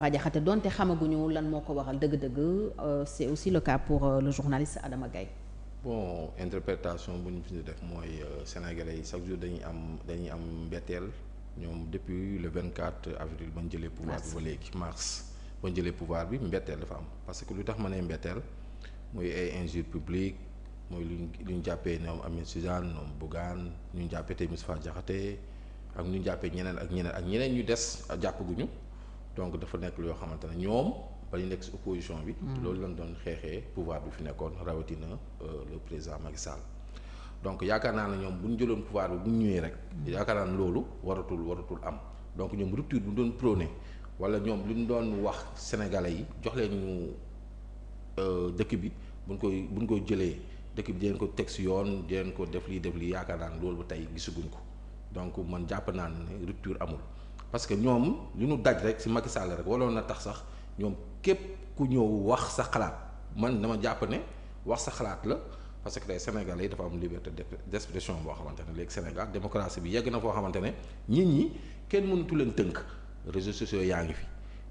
Bah Diakhaté donte xamaguñu lan moo ko waral dëgg-dëgg euh, c'est aussi le cas pour euh, le journaliste Adama Gaye bon interprétation bu ñu fi def mooy euh, sénégalais yi chaque jour dañuy am dañuy am mbetteel ñoom depuis le 24 avril ba ñu jëlee pouvoir bi ba léegi mars jëlee pouvoir bi mbetteel dafa am parce que lu tax ma ne mbetteel mooy ay injure publique mooy luñ lu ñu jàppee ñoom Amine Suzanne ñoom Bougane ñu jàppee te tamit Moustapha Diakhaté ak ñu jàppee ñeneen ak ñeneen ak ñeneen ñu des jàppaguñu donc dafa nekk loo xamante ne ñoom ba ñu nekk si opposition bi. Mm. loolu lañ doon xeexee pouvoir bi fi nekkoon rawatina euh, le président Macky Sall. donc yaakaar naa ne ñoom bu ñu jëloon pouvoir bi bu ñu ñëwee rek. Mm. yaakaar naa loolu waratul waratul am donc ñoom rupture bu ñu doon prôné wala ñoom lu ñu doon wax sénégalais yi jox leen ñu euh, dëkk bi bu ñu koy bu ñu koy jëlee dëkk bi dinañ ko teg si yoon dinañ ko def lii def lii yaakaar naa ne loolu ba tey gisaguñ ko donc man jàpp naa ne rupture amul. parce que ñoom li ñu daj rek si Macky Sall rek waloon na tax sax ñoom képp ku ñëw wax sa xalaat man dama jàpp ne wax sa xalaat la parce que day Sénégalais yi dafa am liberté d'expression boo xamante ne léegi Sénégal démocratie bi yegg na foo xamante ne nit ñi kenn mënutu leen tënk réseau sociaux yaa ngi fi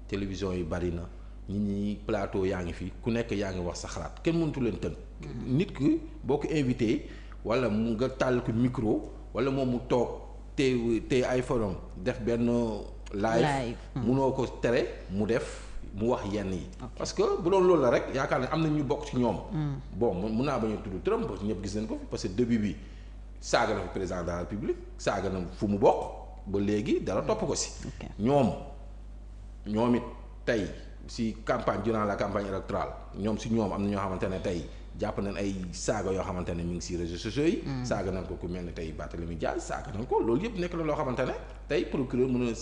télévision yi bari na nit ñi plateau yaa ngi fi ku nekk yaa ngi wax sa xalaat kenn mënutu leen tënk. Mm-hmm. nit ki boo ko invité wala mu nga tàll ko micro wala moom mu toog. téye tey iPhone am def benn live hmm. munoo ko tere mu def mu wax yenn yi parce que bu doon loolu la rek yaakaar ne am na ñu bokk ci ñoom hmm. bon mun naa bañ a tudd Trump parce que ñëpp gis nañ ko fi parce que début bi saaga na fi président de la saaga na fu mu bokk ba léegi dala topp ko si ñoom ñoom it tey si campagne durant la campagne électorale ñoom si ñoom am na ñoo xamante ne tey jàpp nañ ay saaga yoo xamante ne mi ngi si réseaux sociaux yi. Hmm. saaga nañ ko ku mel ni tey Barthélémy Dias saaga nañ ko loolu yëpp nekk la loo xamante ne tey procureur mën na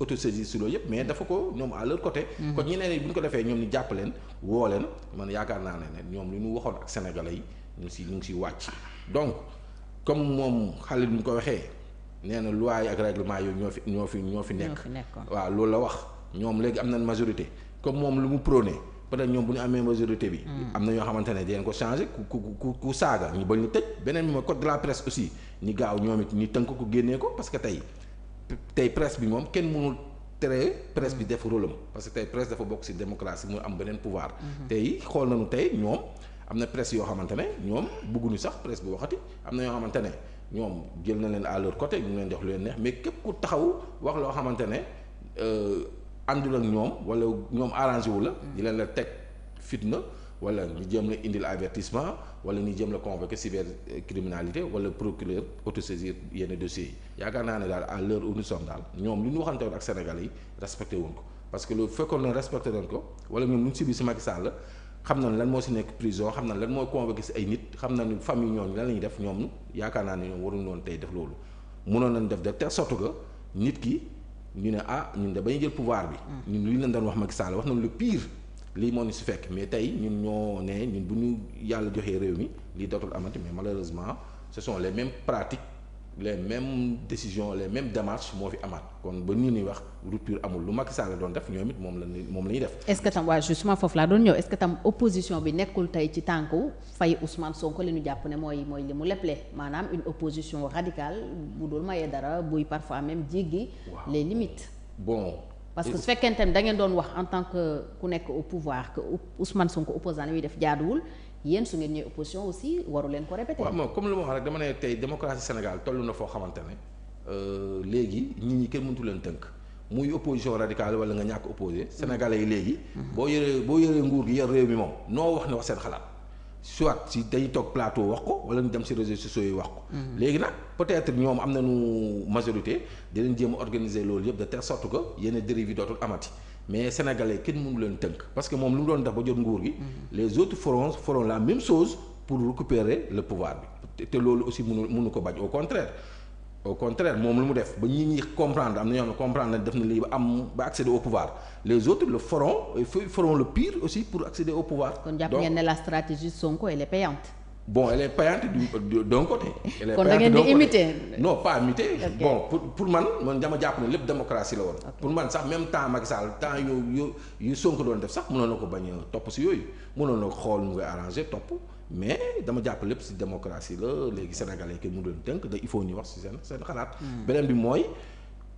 autosaisir si loolu yëpp mais dafa ko ñoom à leur côté. Hmm. kon ko defee ñoom ñu jàpp leen woo man yaakaar naa ne ñoom lu ñu waxoon ak sénégalais yi ñu si ñu ngi si wàcc donc comme moom xale bi ñu ko waxee nee na loi yi ak règlement yooyu ñoo fi ñoo fi ñoo fi nekk. waa loolu la wax ñoom léegi am nañ majorité comme moom lu mu prôné. peut-être ñoom bu ñu amee majorité bi. am na ñoo xamante ne ko changer ku ku ku ku saaga ñu bañ tëj beneen bi mooy code de la presse aussi ñi gaaw ñoom it ñi tënk ko génnee ko parce tey tey bi moom kenn mënul tere presse bi def rôle am tey presse dafa bokk ci démocratie mu am beneen pouvoir. Mhm. tey xool nañu tey ñoom am na presse yoo xamante ne ñoom bëgguñu sax presse bi waxati am na ñoo xamante ne ñoom jël na leen à leur côté ñu leen jox lu leen àndul ñoom wala ñoom arrangé wu la. di leen la teg fitna wala ñu jëm la indil avertissement wala ñu jëm la convoquer cybercriminalité wala procureur autosaisir yenn dossiers yi yaakaar naa ne daal à l'heure où daal ñoom lu ñu waxante woon ak Sénégalais yi respecté wuñ ko parce que loolu fekkoon na respecté nañ ko wala ñoom ñu ngi si biir si la xam nañ lan moo si nekk prison xam nañ lan mooy convoquer si ay nit xam na nañ famille ñooñu lan la ñuy def ñoom yaakaar naa ne ñoom waruñu woon tey def loolu mënoon nañ def de telle sorte que nit ki. ñu ne ah ñun de ba ñu jël pouvoir bi. Mm. ñun li ñu leen doon wax mag Sall wax nañu lu pire lii moo ñu si fekk mais tey ñun ñoo ne ñun bu ñu yàlla joxee réew mi lii dootul amati mais malheureusement ce son les mêmes pratiques. les mêmes décisions les mêmes démarches moo fi amaat kon ba nii ñuy wax rupture amul lu Macky Sall doon def ñoom it moom la moom la ñuy def. est-ce que tam waaw justement foofu laa doon ñëw est-ce bi nekkul tey ci tànku fay Ousmane Sonko li ñu jàpp ne mooy mooy li mu leble maanaam une opposition radicale bu dul mayee dara buy parfois même jéggi. waaw les limites. bon parce que su fekkee ne da ngeen doon wax en tant que ku nekk au pouvoir que Ousmane Sonko opposant li def jaaduwul yéen su ngeen ñëwee opposition aussi waru leen ko répéter. waaw non comme lu ma wax rek dama ne tey démocratie Sénégal toll na foo xamante ne euh, léegi nit ñi kenn mëntu leen tënk. muy opposition radicale wala nga ñàkk opposé mm-hmm. sénégalais yi léegi boo yoree boo yoree nguur gi yor réew mi moom noo wax ne wax seen xalaat soit si dañuy toog plateau wax ko wala ñu dem si réseaux sociaux yi wax ko mm-hmm. léegi nag peut-être ñoom am na nañu majorité dinañ jéem a organiser loolu yëpp de telle sorte que yenn dérive yi amati mais sénégalais kenn mënu leen tënk parce que moom lu mu doon def ba jot nguur gi. les autres feront feront la même chose pour récupérer le pouvoir bi te loolu aussi mënu munu ko bañ au contraire. au contraire moom lu mu def ba ñi ñi comprendre am na ñoo xam ne comprendre na def na lii ba am ba accéder au pouvoir les autres le feront feront le pire aussi pour accéder au pouvoir. donc jàpp ngeen ne la stratégie Sonko elle est payante. bon elle est payante du d'un côté. elle est payante d'un côté kon da di imiter. non pas imiter. bon pour pour man man dama jàpp ne lépp démocratie la woon. pour man sax même temps Macky Sall temps yu yu yu Sonko doon def sax mënoon na ko bañ topp si yooyu mënoon na xool mu ngay arrangé topp mais dama jàpp lépp si démocratie la léegi sénégalais yi mu doon tënk da il faut ñu wax si seen seen xalaat. Hmm. beneen bi mooy.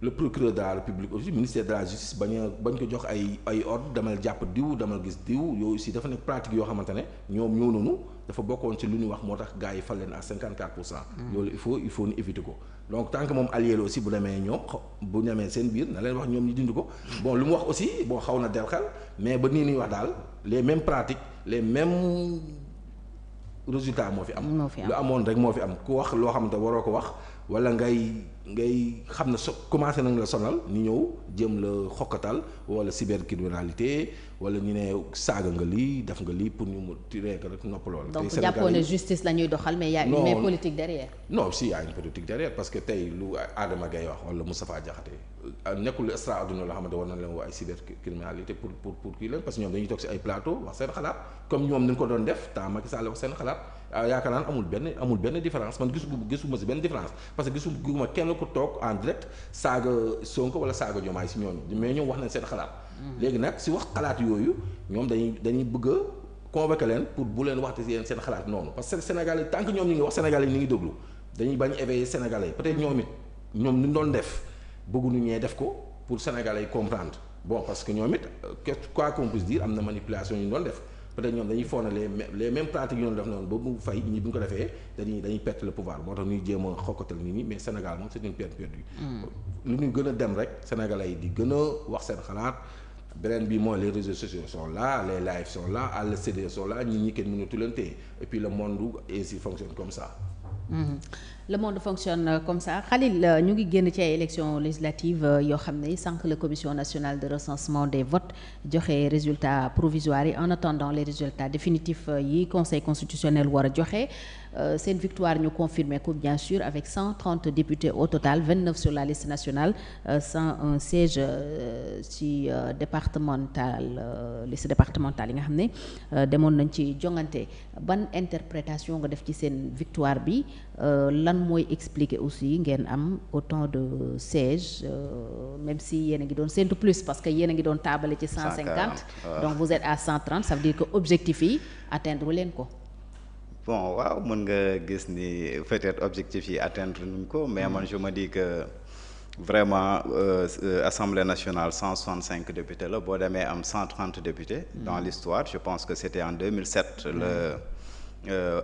le procureur de la république aussi ministère de la justice bañ a bañ ko jox ay ay damal jàpp diw damal gis diw yow aussi dafa nekk pratique yoo xamante ne ñoom ñoo noonu dafa bokkoon ci lu ñu wax moo tax gars yi fal leen à 54 pour cent. Mm. loolu il faut il faut ñu éviter ko. donc tant que moom allié la aussi bu demee ñoom bu ñamee seen biir na leen wax ñoom ñu dundu ko bon lu mu wax aussi boo xaw na delxal mais ba nii ñuy wax daal les mêmes pratiques les mêmes résultats moo fi am. moo fi lu amoon rek moo fi am ku wax loo xamante waroo ko wax wala ngay. ngay xam ne so commencé nañ la sonal ñu ñëw jëm la xokkatal wala cybercriminalité wala ñu ne saaga nga lii def nga lii pour ñu rek noppaloo la. donc a une main politique derrière. non si y a une politique derrière parce que tey lu Adama Gaye wax wala Moustapha Diakhaté euh, nekkul extraordinaire loo xamante war na leen woo ay cybercriminalité pour pour kii leen parce que ñoom dañuy toog si ay plateau wax seen xalaat comme ñoom dañ ko doon def temps Macky wax seen xalaat ah, yaakaar ko toog en direct saaga Sonko wala saaga Diomaye si ñooñu mais ñoom wax nañ seen xalaat. léegi nag si wax xalaat yooyu ñoom dañuy dañuy bëgg a convoquer leen pour bu leen waxte si seen xalaat noonu parce que Sénégal yi tant que ñoom ñu ngi wax Sénégal yi ñu ngi déglu dañuy bañ éveiller Sénégalais yi peut-être ñoom it ñoom ñu doon def bëgguñu ñee def ko pour Sénégalais yi comprendre bon parce que ñoom it euh, que qu'on puisse dire am na manipulation yu ñu doon def. peut-être ñoom dañuy fondre les les mêmes pratiques yu ñu def noonu ba mu fay ñi bu ñu ko defee dañuy perte le pouvoir moo tax ñuy jéem a xokkatal nit ñi mais Sénégal moom c'est une perte perdue. Hmm. lu ñu gën dem rek Sénégalais yi di gën a wax seen xalaat. beneen bi mooy les réseaux sociaux sont là les lives sont là à CD e sont là ñi ñi kenn mënatu leen téye et puis le monde ainsi fonctionne comme ça. Hmm. le monde fonctionne euh, comme ça Khalil euh, ñu ngi génn ci ay élections législatives euh, yoo xam ne sànq la commission nationale de recensement des votes joxe résultats provisoires yi en attendant les résultats définitifs yi conseil constitutionnel war a joxe seen victoire ñu confirmer ko bien sûr avec cent trente députés au total vingt neuf sur la liste nationale cent un siège ci départemental liste départementale yi nga xam ne demoon nañ ci jongante ban interprétation nga def ci seen victoire bi lan mooy expliquer aussi ngeen am autant de sièges euh, même yéen a ngi doon séntu plus parce que yéen a ngi doon taabale ci cent cinquante donc vous êtes à cent trente ça veut dire que objectif yi atteindre leen ko bon waaw mën nga gis ni peut-être objectif yi atteindre nuñ ko mais hmm. man je di dis que vraiment euh, euh, Assemblée nationale 165 députés la boo demee am 130 députés. Mm. dans l'histoire je pense que c'était en 2007 mm. le. Hmm. Euh,